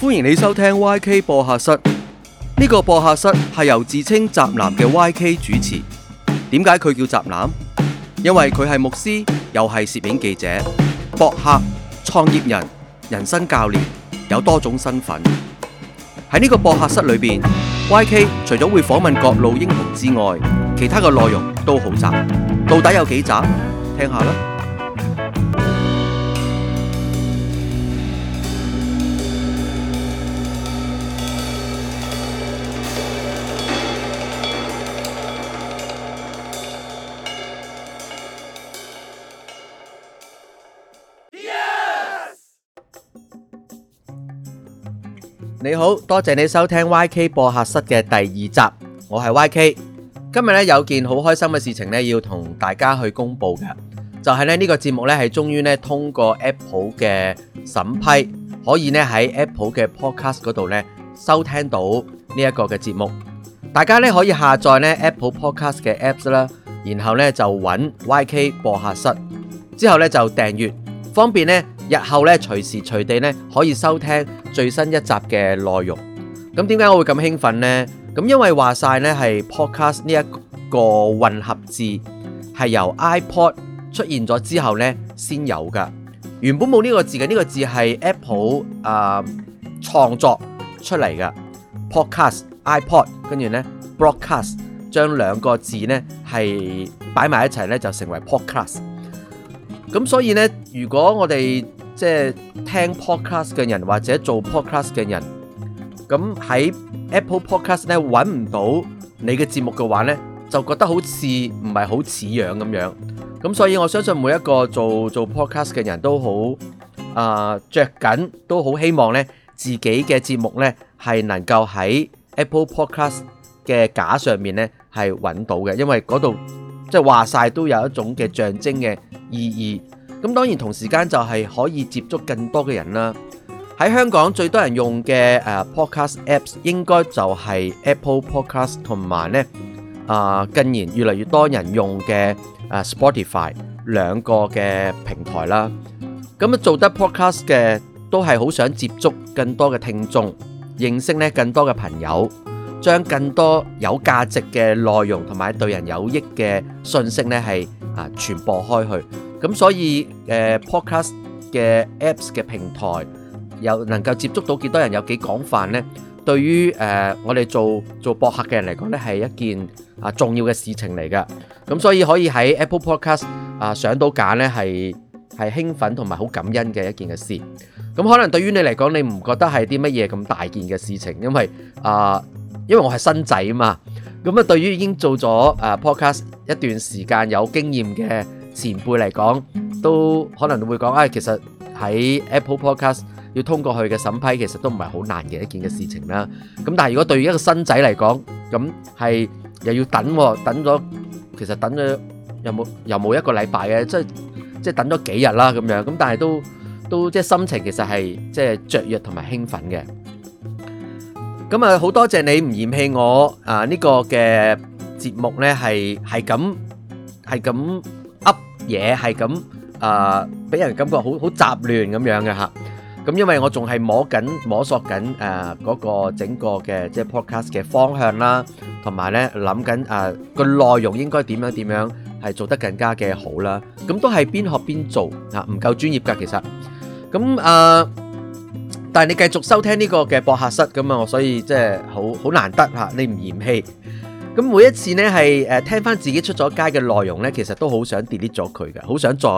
歡迎你收聽 YK 播客室，呢、這個播客室係由自稱宅男嘅 YK 主持。點解佢叫宅男？因為佢係牧師，又係攝影記者、博客、創業人、人生教練，有多種身份。喺呢個播客室裏面，YK 除咗會訪問各路英雄之外，其他嘅內容都好雜。到底有幾雜？聽下啦。你好，多謝你收聽 YK 播客室嘅第二集，我係 YK。今日咧有件好開心嘅事情咧，要同大家去公布嘅就係咧，呢個節目咧係終於咧通過 Apple 嘅審批，可以咧喺 Apple 嘅 Podcast 嗰度咧收聽到呢一個嘅節目。大家咧可以下載咧 Apple Podcast 嘅 Apps 啦，然後咧就揾 YK 播客室，之後咧就訂閱，方便咧。日後咧，隨時隨地咧可以收聽最新一集嘅內容。咁點解我會咁興奮呢？咁因為話晒咧係 podcast 呢一個混合字係由 iPod 出現咗之後咧先有噶。原本冇呢個字嘅，呢個字係 Apple 啊、呃、創作出嚟噶。podcast、iPod 跟住呢，broadcast 將兩個字呢係擺埋一齊咧就成為 podcast。咁所以呢，如果我哋即係聽 podcast 嘅人或者做 podcast 嘅人，咁喺 Apple Podcast 呢揾唔到你嘅節目嘅話呢，就覺得好似唔係好似樣咁樣。咁所以我相信每一個做做 podcast 嘅人都好啊着緊，都好希望呢自己嘅節目呢係能夠喺 Apple Podcast 嘅架上面呢係揾到嘅，因為嗰度即係話晒都有一種嘅象徵嘅意義。咁當然同時間就係可以接觸更多嘅人啦。喺香港最多人用嘅誒 Podcast Apps 應該就係 Apple Podcast，同埋咧啊近年越嚟越多人用嘅啊 Spotify 兩個嘅平台啦。咁啊做得 Podcast 嘅都係好想接觸更多嘅聽眾，認識咧更多嘅朋友，將更多有價值嘅內容同埋對人有益嘅信息咧係啊傳播開去。咁所以 podcast 嘅 apps 嘅平台又能夠接觸到幾多人，有幾廣泛咧？對於誒我哋做做博客嘅人嚟講咧，係一件啊重要嘅事情嚟嘅。咁所以可以喺 Apple Podcast 啊上到架咧，係係興奮同埋好感恩嘅一件嘅事。咁可能對於你嚟講，你唔覺得係啲乜嘢咁大件嘅事情。因為啊，因為我係新仔啊嘛。咁啊，對於已經做咗誒 podcast 一段時間有經驗嘅。前輩嚟講，都可能會講啊，其實喺 Apple Podcast 要通過佢嘅審批，其實都唔係好難嘅一件嘅事情啦。咁但係如果對於一個新仔嚟講，咁係又要等，等咗其實等咗又冇又冇一個禮拜嘅，即係即係等咗幾日啦咁樣。咁但係都都即係心情其實係即係雀躍同埋興奮嘅。咁啊，好多謝你唔嫌棄我啊呢個嘅節目呢，係係咁係咁。嘢係咁啊，俾人感覺好好雜亂咁樣嘅嚇。咁因為我仲係摸緊摸索緊誒嗰個整個嘅即係 podcast 嘅方向啦，同埋呢諗緊誒個內容應該點樣點樣係做得更加嘅好啦。咁都係邊學邊做啊，唔夠專業㗎其實。咁誒，但係你繼續收聽呢個嘅播客室咁啊，我所以即係好好難得嚇，你唔嫌棄。咁每一次咧，係誒聽翻自己出咗街嘅內容呢，其實都好想 delete 咗佢嘅，好想再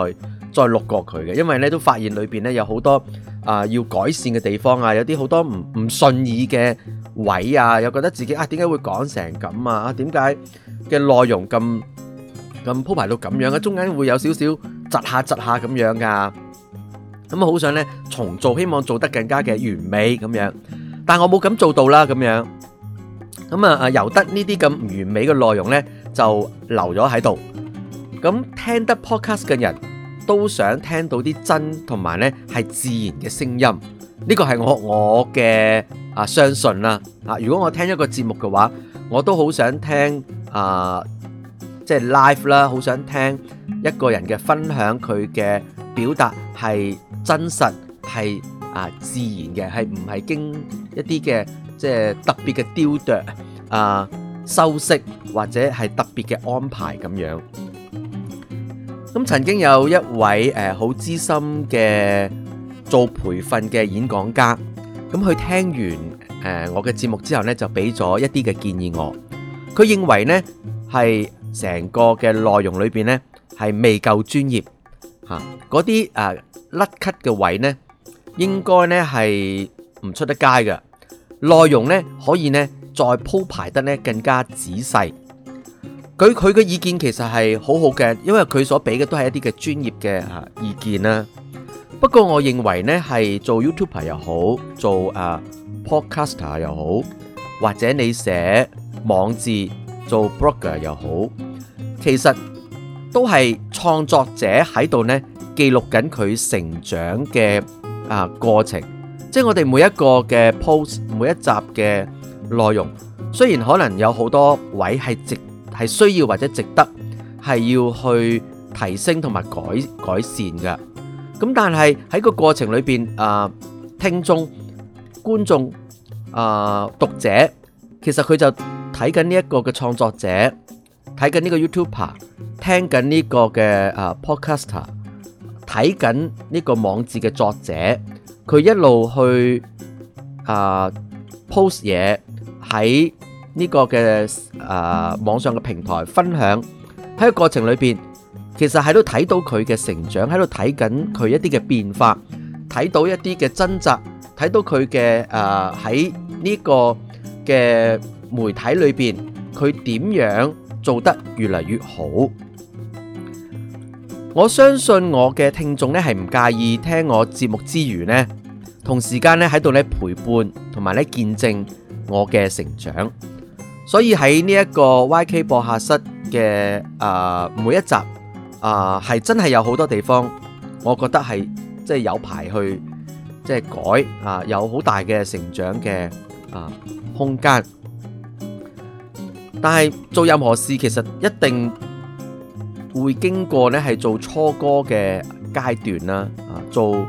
再錄過佢嘅，因為呢都發現裏邊呢有好多啊要改善嘅地方啊，有啲好多唔唔順意嘅位啊，又覺得自己啊點解會講成咁啊？點解嘅內容咁咁鋪排到咁樣嘅？中間會有少少窒下窒下咁樣噶，咁啊好想呢重做，希望做得更加嘅完美咁樣，但我冇咁做到啦咁樣。咁啊啊，由得呢啲咁完美嘅內容呢就留咗喺度。咁聽得 podcast 嘅人都想聽到啲真同埋呢係自然嘅聲音。呢個係我我嘅啊相信啦。啊，如果我聽一個節目嘅話，我都好想聽啊，即係 live 啦，好想聽一個人嘅分享，佢嘅表達係真實係啊自然嘅，係唔係經一啲嘅？即係特別嘅雕琢啊，修飾或者係特別嘅安排咁樣。咁曾經有一位誒好資深嘅做培訓嘅演講家，咁佢聽完誒我嘅節目之後咧，就俾咗一啲嘅建議我。佢認為咧係成個嘅內容裏邊咧係未夠專業嚇嗰啲誒甩咳嘅位咧，應該咧係唔出得街嘅。內容咧可以咧再鋪排得咧更加仔細。佢佢嘅意見其實係好好嘅，因為佢所俾嘅都係一啲嘅專業嘅啊意見啦。不過我認為咧，係做 YouTuber 又好，做啊 Podcaster 又好，或者你寫網誌做 Blogger 又好，其實都係創作者喺度咧記錄緊佢成長嘅啊過程。即係我哋每一個嘅 post，每一集嘅內容，雖然可能有好多位係值係需要或者值得係要去提升同埋改改善嘅，咁但係喺個過程裏邊，誒、呃、聽眾、觀眾、誒、呃、讀者，其實佢就睇緊呢一個嘅創作者，睇緊呢個 YouTuber，聽緊呢個嘅誒 Podcaster，睇緊呢個網誌嘅作者。佢一路去啊、呃、post 嘢喺呢個嘅啊、呃、網上嘅平台分享，喺個過程裏邊，其實喺度睇到佢嘅成長，喺度睇緊佢一啲嘅變化，睇到一啲嘅掙扎，睇到佢嘅啊喺呢個嘅媒體裏邊，佢點樣做得越嚟越好。我相信我嘅聽眾呢，係唔介意聽我節目之餘呢。同時間咧喺度咧陪伴同埋咧見證我嘅成長，所以喺呢一個 YK 播客室嘅啊每一集啊係真係有好多地方，我覺得係即係有排去即係改啊，有好大嘅成長嘅啊空間。但係做任何事其實一定會經過咧係做初哥嘅階段啦，啊做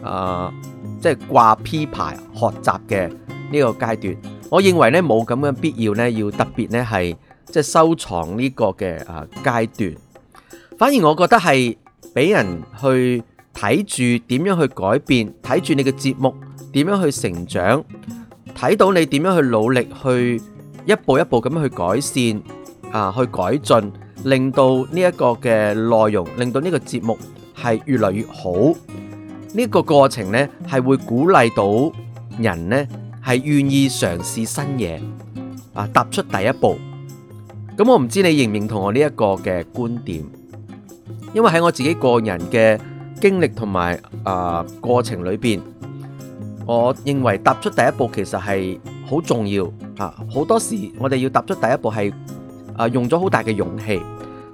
啊。即係掛 P 牌學習嘅呢個階段，我認為呢冇咁嘅必要呢要特別呢係即係收藏呢個嘅啊階段。反而我覺得係俾人去睇住點樣去改變，睇住你嘅節目點樣去成長，睇到你點樣去努力去一步一步咁樣去改善啊，去改進，令到呢一個嘅內容，令到呢個節目係越嚟越好。呢個過程呢係會鼓勵到人呢係願意嘗試新嘢，啊踏出第一步。咁我唔知你認唔認同我呢一個嘅觀點，因為喺我自己個人嘅經歷同埋啊過程裏邊，我認為踏出第一步其實係好重要啊。好多時我哋要踏出第一步係啊用咗好大嘅勇氣，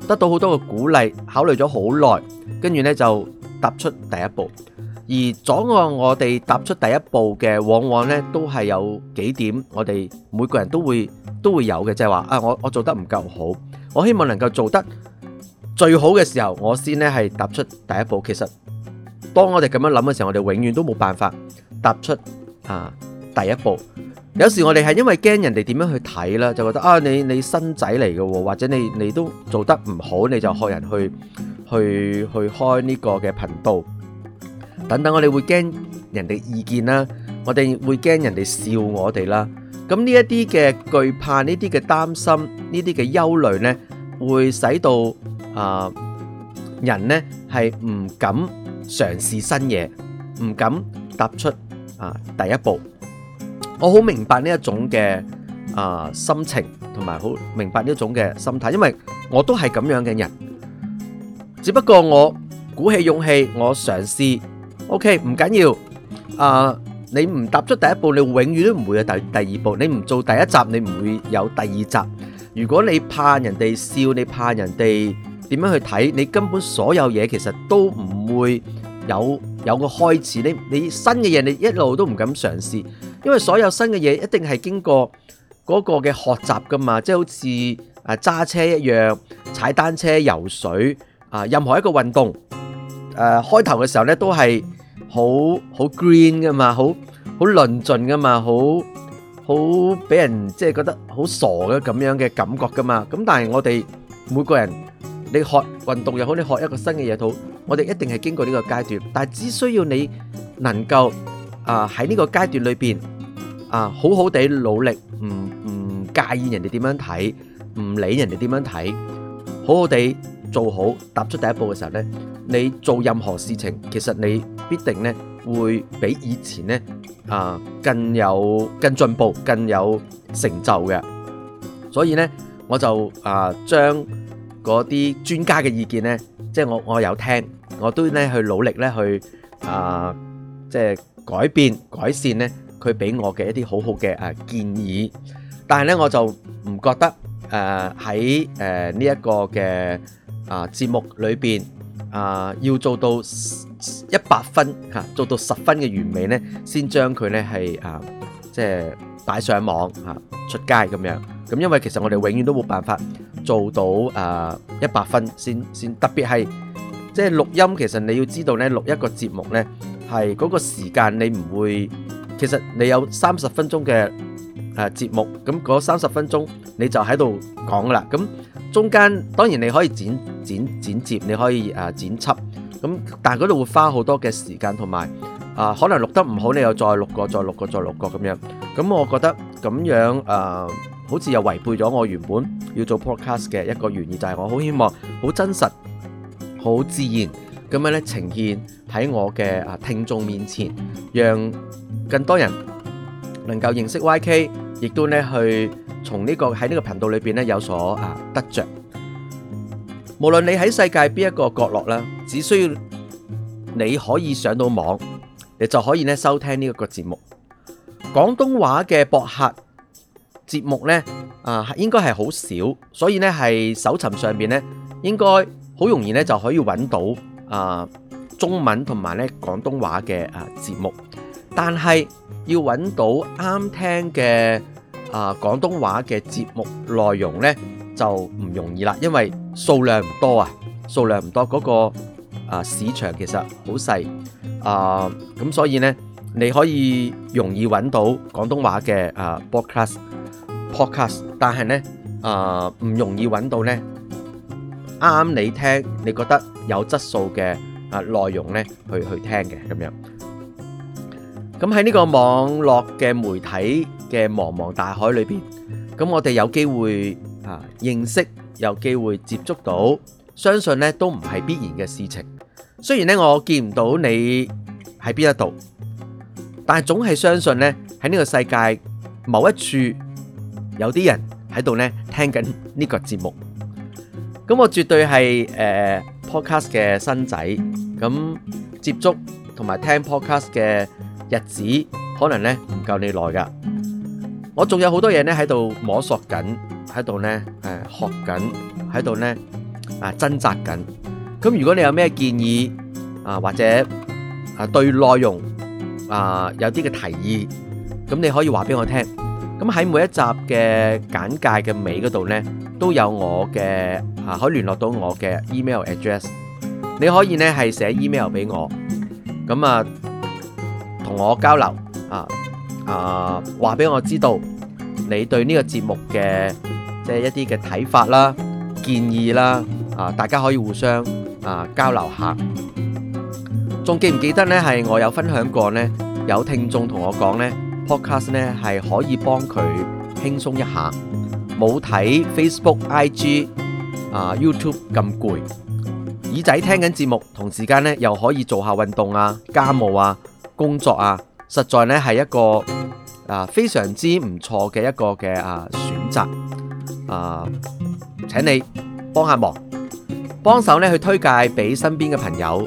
得到好多嘅鼓勵，考慮咗好耐，跟住呢就，踏出第一步，而阻礙我哋踏出第一步嘅，往往呢都係有幾點，我哋每個人都會都會有嘅，即係話啊，我我做得唔夠好，我希望能夠做得最好嘅時候，我先呢係踏出第一步。其實當我哋咁樣諗嘅時候，我哋永遠都冇辦法踏出啊第一步。有時我哋係因為驚人哋點樣去睇啦，就覺得啊，你你新仔嚟嘅，或者你你都做得唔好，你就學人去。去去開呢個嘅頻道，等等我哋會驚人哋意見啦，我哋會驚人哋笑我哋啦。咁呢一啲嘅懼怕，呢啲嘅擔心，呢啲嘅憂慮呢，會使到啊人呢係唔敢嘗試新嘢，唔敢踏出啊第一步。我好明白呢一種嘅啊心情，同埋好明白呢一種嘅心態，因為我都係咁樣嘅人。只不過我鼓起勇氣，我嘗試。OK，唔緊要。啊，呃，你唔踏出第一步，你永遠都唔會有第第二步。你唔做第一集，你唔會有第二集。如果你怕人哋笑，你怕人哋點樣去睇，你根本所有嘢其實都唔會有有個開始。你你新嘅嘢，你一路都唔敢嘗試，因為所有新嘅嘢一定係經過嗰個嘅學習噶嘛。即係好似啊揸車一樣，踩單車、游水。啊，任何一個運動，誒開頭嘅時候呢，都係好好 green 㗎嘛，好好論盡㗎嘛，好好俾人即係覺得好傻嘅咁樣嘅感覺㗎嘛。咁但係我哋每個人，你學運動又好，你學一個新嘅嘢好，我哋一定係經過呢個階段。但係只需要你能夠啊喺呢個階段裏邊啊好好地努力，唔唔介意人哋點樣睇，唔理人哋點樣睇，好好地。做好踏出第一步嘅時候呢，你做任何事情，其實你必定呢會比以前呢啊，更有更進步、更有成就嘅。所以呢，我就啊將嗰啲專家嘅意見呢，即係我我有聽，我都呢去努力呢去啊，即係改變改善呢佢俾我嘅一啲好好嘅啊建議，但係呢我就唔覺得誒喺誒呢一個嘅。呃，節目裏面，呃，要做到一百分，呃，做到十分嘅完美呢，先將佢呢，呃, uh, 誒，節目咁嗰三十分鐘你就喺度講㗎啦，咁中間當然你可以剪剪剪接，你可以誒、啊、剪輯，咁但係嗰度會花好多嘅時間同埋啊，可能錄得唔好，你又再錄過再錄過再錄過咁樣，咁我覺得咁樣誒、啊、好似又違背咗我原本要做 podcast 嘅一個原意，就係、是、我好希望好真實、好自然咁樣咧呈現喺我嘅啊聽眾面前，讓更多人能夠認識 YK。亦都呢去從呢個喺呢個頻道裏邊呢有所啊得著，無論你喺世界邊一個角落啦，只需要你可以上到網，你就可以呢收聽呢一個節目。廣東話嘅博客節目呢啊，應該係好少，所以呢係搜尋上邊呢應該好容易呢就可以揾到啊中文同埋呢廣東話嘅啊節目。但係要揾到啱聽嘅啊廣東話嘅節目內容呢，就唔容易啦，因為數量唔多啊，數量唔多嗰個啊市場其實好細啊，咁所以呢你可以容易揾到廣東話嘅啊 broadcast podcast，但係呢啊唔容易揾到呢啱你聽，你覺得有質素嘅啊內容呢去去聽嘅咁樣。咁喺呢個網絡嘅媒體嘅茫茫大海裏邊，咁我哋有機會啊認識，有機會接觸到，相信呢都唔係必然嘅事情。雖然呢我見唔到你喺邊一度，但係總係相信呢喺呢個世界某一處有啲人喺度呢聽緊呢個節目。咁我絕對係誒 podcast 嘅新仔，咁接觸同埋聽 podcast 嘅。日子可能咧唔夠你耐㗎，我仲有好多嘢咧喺度摸索緊，喺度咧誒學緊，喺度咧啊掙扎緊。咁如果你有咩建議啊或者啊對內容啊有啲嘅提議，咁你可以話俾我聽。咁喺每一集嘅簡介嘅尾嗰度咧，都有我嘅啊可以聯絡到我嘅 email address。你可以咧係寫 email 俾我。咁啊～我交流啊啊，話俾我知道你對呢個節目嘅即係一啲嘅睇法啦、建議啦啊，大家可以互相啊交流下。仲記唔記得呢？係我有分享過呢，有聽眾同我講呢，podcast 呢係可以幫佢輕鬆一下，冇睇 Facebook、IG 啊、YouTube 咁攰，耳仔聽緊節目，同時間呢又可以做下運動啊、家務啊。工作啊，實在呢係一個啊非常之唔錯嘅一個嘅啊選擇啊。請你幫下忙，幫手呢去推介俾身邊嘅朋友，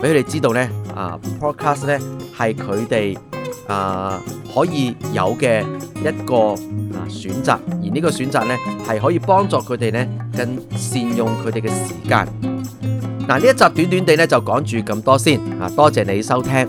俾佢哋知道呢啊。Podcast 呢係佢哋啊可以有嘅一個啊選擇，而呢個選擇呢，係可以幫助佢哋呢更善用佢哋嘅時間。嗱、啊，呢一集短短地呢就講住咁多先啊，多謝你收聽。